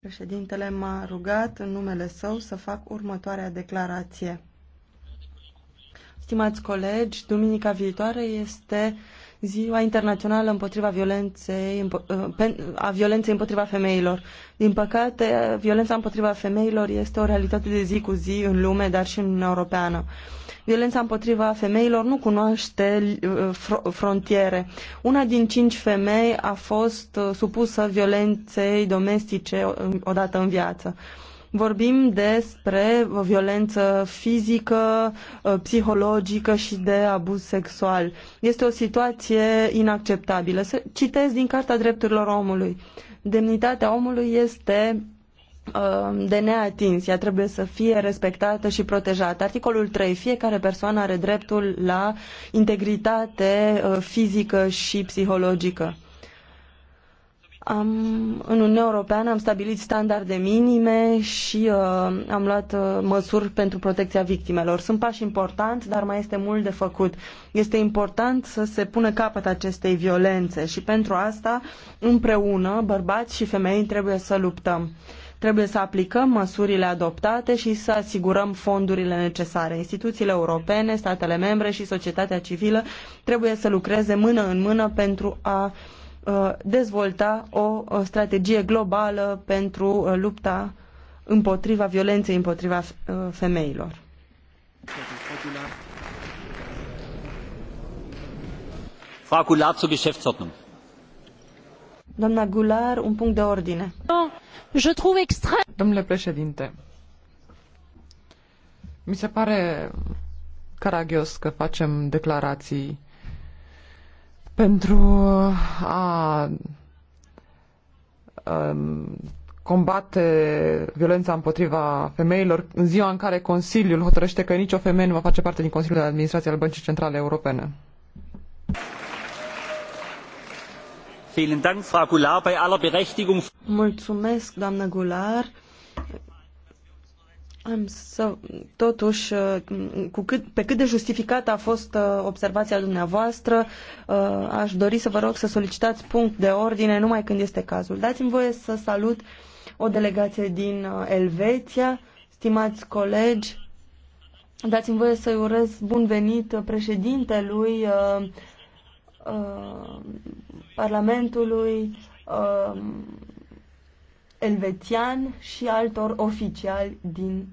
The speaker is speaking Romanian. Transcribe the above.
Președintele m-a rugat în numele său să fac următoarea declarație. Stimați colegi, duminica viitoare este Ziua Internațională împotriva violenței, uh, a violenței împotriva femeilor. Din păcate, violența împotriva femeilor este o realitate de zi cu zi în lume, dar și în Uniunea Europeană. Violența împotriva femeilor nu cunoaște uh, frontiere. Una din cinci femei a fost uh, supusă violenței domestice odată în viață. Vorbim despre violență fizică, uh, psihologică și de abuz sexual. Este o situație inacceptabilă. Citez din Carta Drepturilor Omului. Demnitatea omului este uh, de neatins. Ea trebuie să fie respectată și protejată. Articolul 3. Fiecare persoană are dreptul la integritate uh, fizică și psihologică. Am, în Uniunea Europeană am stabilit standarde minime și uh, am luat uh, măsuri pentru protecția victimelor. Sunt pași importanți, dar mai este mult de făcut. Este important să se pună capăt acestei violențe și pentru asta, împreună, bărbați și femei trebuie să luptăm. Trebuie să aplicăm măsurile adoptate și să asigurăm fondurile necesare. Instituțiile europene, statele membre și societatea civilă trebuie să lucreze mână în mână pentru a uh, Uh, dezvolta o strategie globală pentru uh, lupta împotriva violenței împotriva uh, femeilor. Doamna Gular, un punct de ordine. Domnule președinte, mi se pare caragios că facem declarații pentru a um, combate violența împotriva femeilor în ziua în care Consiliul hotărăște că nicio femeie nu va face parte din Consiliul de Administrație al Băncii Centrale Europene. Mulțumesc, doamnă Gular. Am să, totuși, uh, cu cât, pe cât de justificată a fost uh, observația dumneavoastră, uh, aș dori să vă rog să solicitați punct de ordine numai când este cazul. Dați-mi voie să salut o delegație din Elveția, stimați colegi, dați-mi voie să-i urez bun venit președintelui uh, uh, Parlamentului uh, elvețian și altor oficiali din